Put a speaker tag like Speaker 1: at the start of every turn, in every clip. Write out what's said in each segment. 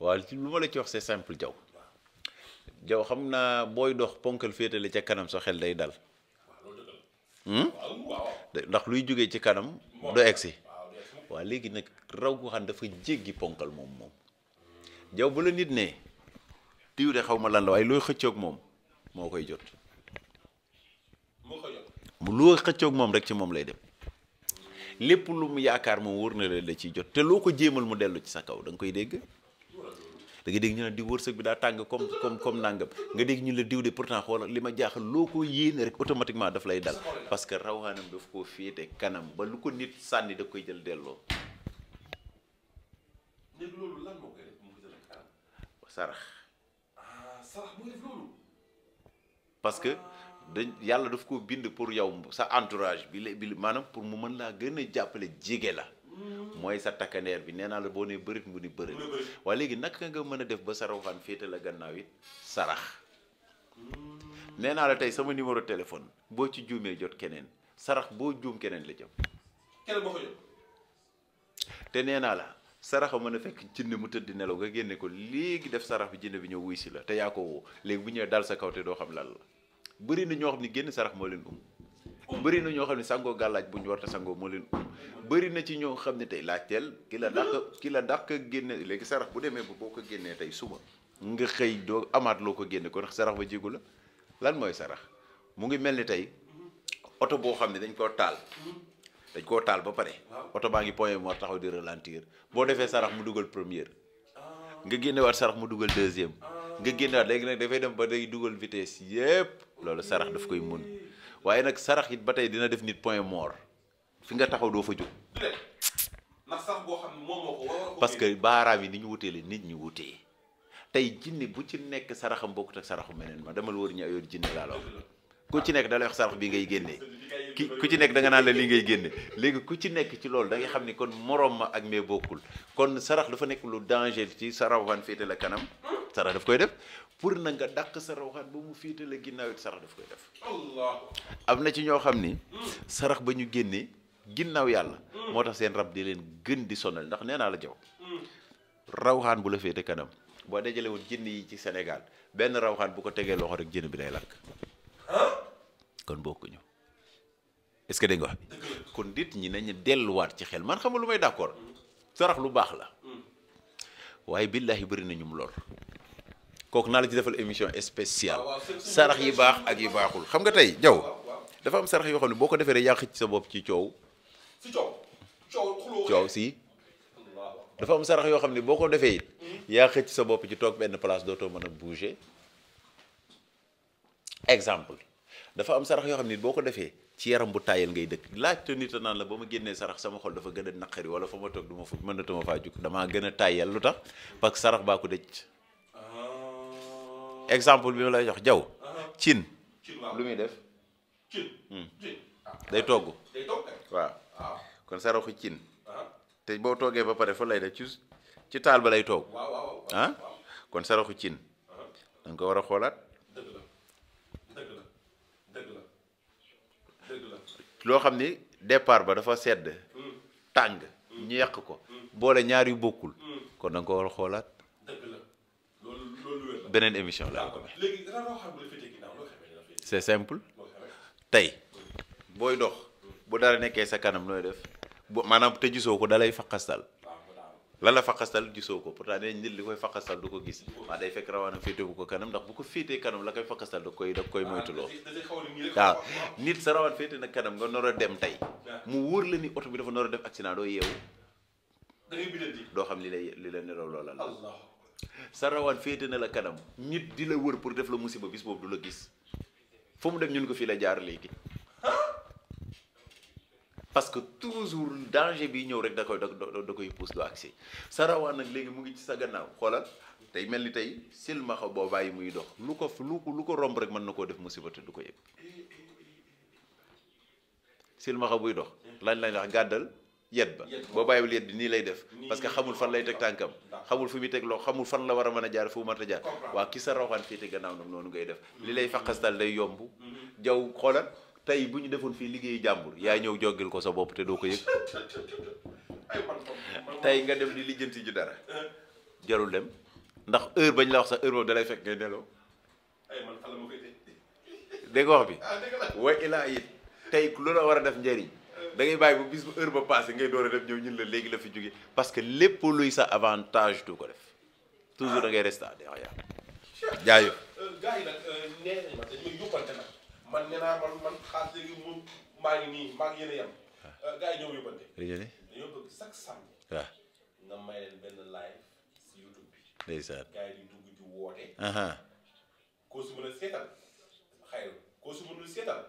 Speaker 1: waaw lu ma la ci wax sa simple jaw jaw xam naa booy dox ponkal féetale ca kanam sa xel day dal hmm? ndax luy jógee ci kanam du egsi waaw léegi nag raw gu xam ne dafa jéggi ponkal moom moom jaw bu la nit ne diw de xaw ma lan la waaye looy xëccoog moom moo koy jot loo xëccoog moom rek ci moom lay dem lépp lu mu yaakaar moom wóor na la la ciy jot te loo ko jéemal mu dellu ci sa kaw da nga koy dégg da nga dégg ñu ne diw wërsëg bi daa tàng comme comme comme nangam nga dégg ñu la diw de pourtant xoolal li ma jaaxal loo ko yéene rek automatiquement daf lay dal parce que rawaanam daf koo féete kanam ba lu ko nit sànni da koy jël delloo. Ah, que. dañ yàlla daf ko bind pour yow sa entourage bi la bi maanaam pour mu mën laa gën a jàppale jege la mooy sa takkandeer bi neenaa naa la boo nee bërit mu ni bërit waaye léegi naka nga mën a def ba sa rawxaan féete la gannaaw it sarax hmm. nee naa la tey sama numéro téléphone boo ci juumee jot keneen sarax boo juum keneen la jëm keneen boo te nee naa la sarax a mën a fekk jinne mu tëdd nelaw nga génne ko léegi def sarax bi jinne bi ñëw wuy si la te yaa ko woo léegi bu ñëwee dal sa kaw te doo xam lan la bëri na ñoo xam ne génn sarax moo leen um bëri na ñoo xam ne sangoo gàllaaj bu ñu war a sangoo moo leen um bëri na ci ñoo xam ne tey laajteel ki la dàq ki la dàq génne léegi sarax bu demee ba boo ko génnee tey suba nga xëy doo amaat loo ko génne kon sarax ba jigu la lan mooy sarax mu ngi mel ni tey oto boo xam ne dañ koo taal dañ koo taal ba pare oto baa ngi point mort taxaw di ralentir boo defee sarax mu dugal première ah. nga génnewaat sarax mu dugal deuxième ah. nga génnewaat léegi nag dafay ba day dugal vitesse yépp loolu sarax daf koy mun waaye nag sarax it ba tey dina def nit point mort fi nga taxaw doo fa jóg. parce que baaraam yi ni ñu wutee la nit ñi wutee tey jinne bu ci nekk saraxam bokkut ak saraxu meneen ma demal wër ña yoon jinne laa la wax ku ci nekk da lay wax sarax bi ngay génne ki ku ci nekk da nga naan la li ngay génne léegi ku ci nekk ci loolu da nga xam ni kon morom ma ak mais bokkul kon sarax dafa nekk lu danger ci sarax fan féete la kanam sarax daf koy def pour na nga dàq sa rawxaan ba mu féetale ginnaaw it sarax daf koy def am na ci ñoo xam ni sarax ba ñu génnee ginnaaw yàlla moo tax seen rab di leen gën di sonal ndax nee naa la jaw rawxaan bu la féete kanam boo dajale woon jinn yi ci senegal benn rawxaan bu ko tegee loxo rek jinn bi day lakk kon bokkuñu est-ce que dégg nga kon dit ñi nañu delluwaat ci xel man xam lu may d'accord hmm. sarax lu baax la hmm. waaye billaahi bari na lool kooku naa la ci defal émission spéciale ah, sarax yi baax ak yi baaxul xam nga tey jaw dafa am sarax yoo xam ne boo ko defee rek yaa xëcc sa bopp ci coow coow si dafa am sarax yoo xam ne boo ko defee it yaa sa bopp ci toog benn place dootoo mën a bouger exemple dafa am sarax yoo xam ne boo ko defee ci yaram bu tàyyal ngay dëkk laajte nit a naan la ba ma génnee sarax sama xol dafa gën a naqari wala fa ma toog du ma fu mënatuma faa jug damaa gën a tàyyal lu tax parce sarax baa ko dëj exemple bi ma lay jox jaw uh-huh. cin lu muy def hmm. day togg waaw kon saraxu cin uh-huh. te boo toogee ba pare fa lay def ci ci taal ba lay toog ah kon saraxu cin uh-huh. da ko war a xoolaat loo xam ni départ ba dafa sedd hmm. tàng hmm. ñu yàq ko boole ñaar yu bokkul kon da ko war a xoolaat beneen émission la ko léegi c'est simple tey booy dox bu dara nekkee sa kanam nooy def bu maanaam te gisoo ko dalay faqastal lan la faqastal gisoo ko pourtant nee nit li koy faqastal du ko gis waaw day fekk rawaanam féete bu ko bu ko féetee kanam la koy faqastal koy da koy moytuloo ah, waaw nit sa rawaan féete na kanam nga nar dem tey mu wóor la ni oto bi dafa nar a def accident doo yeewu doo xam li lay li la nelaw loola la sa rawaan féete na la kanam nit di la wër pour def la musiba bis boobu du la gis foo mu dem ñun ko fii la jaar léegi parce que toujours danger bi ñëw rek da koy da koy pousse do accès sa rawaan nag léegi mu ngi ci sa gannaaw xoolal tey mel ni tey silmaxa boo bàyyi muy dox lu ko lu ko romb rek mën na koo def musiba te du ko yëg silmaxa buy dox lañ lañ dax gàddal yet ba boo bàyyiwul yet bi nii lay def parce que xamul fan lay teg tànkam xamul fi muy teg loo xamul fan la war a mën a jaar fu mu mën a jaar waa ki sa roxaan fii te gannaaw nag noonu ngay def li mm-hmm. lay faqastal day yomb mm-hmm. jaw xoolal tey bu ñu defoon fii liggéeyu jàmbur yaa ñëw joggil ko sa bopp te doo ko yëg tey nga dem di lijjanti ju dara eh? jarul dem ndax heure bañ la wax sax heure boobu dalay fekk ngay neloo dégg wax bi ah, way ilaa it tey lu la war a def njëriñ da ngay bàyyi ba bis bu heure ba passé ngay door a dem ñëw ñun la léegi la fi jóge parce que lépp luy sa avantage du ko def toujours da ngay resté derrière. jaajëf. gars yi nag euh, nee naa man man xaalis léegi moom maa ngi nii maa ngi yéen a ah. euh, yi ñoo yóbbante. dañoo bëgg chaque ah. nga may benn live si YouTube bi. ndeysaan gars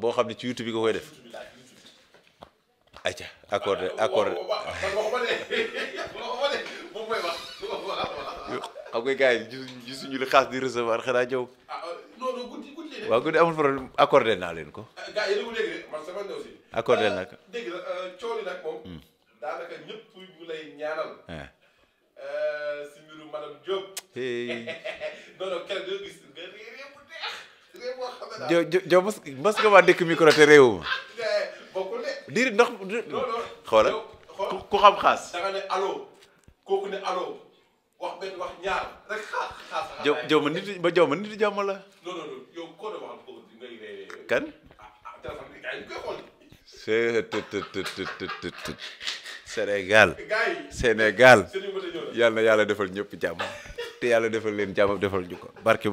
Speaker 1: boo xam ne ci YouTube bi koy def acca accordé accordé xam nga gars yi gisuñu li xaas di recevoir xanaa ñëw waaw guddi amul problème accordé naa leen ko accordé nag dégg la jo jo jo mos mos nga waa dëkk micro te réew ma. bokkul de. diir xoola ku xam xaas. jo jo nit ba jo ma nit jàmm la. kan. Ah, ah téléphone bi gars yi ñu Sénégal eh, Sénégal yal na yàlla defal ñëpp jàmm te yàlla defal leen jàmm defal ñu ko barke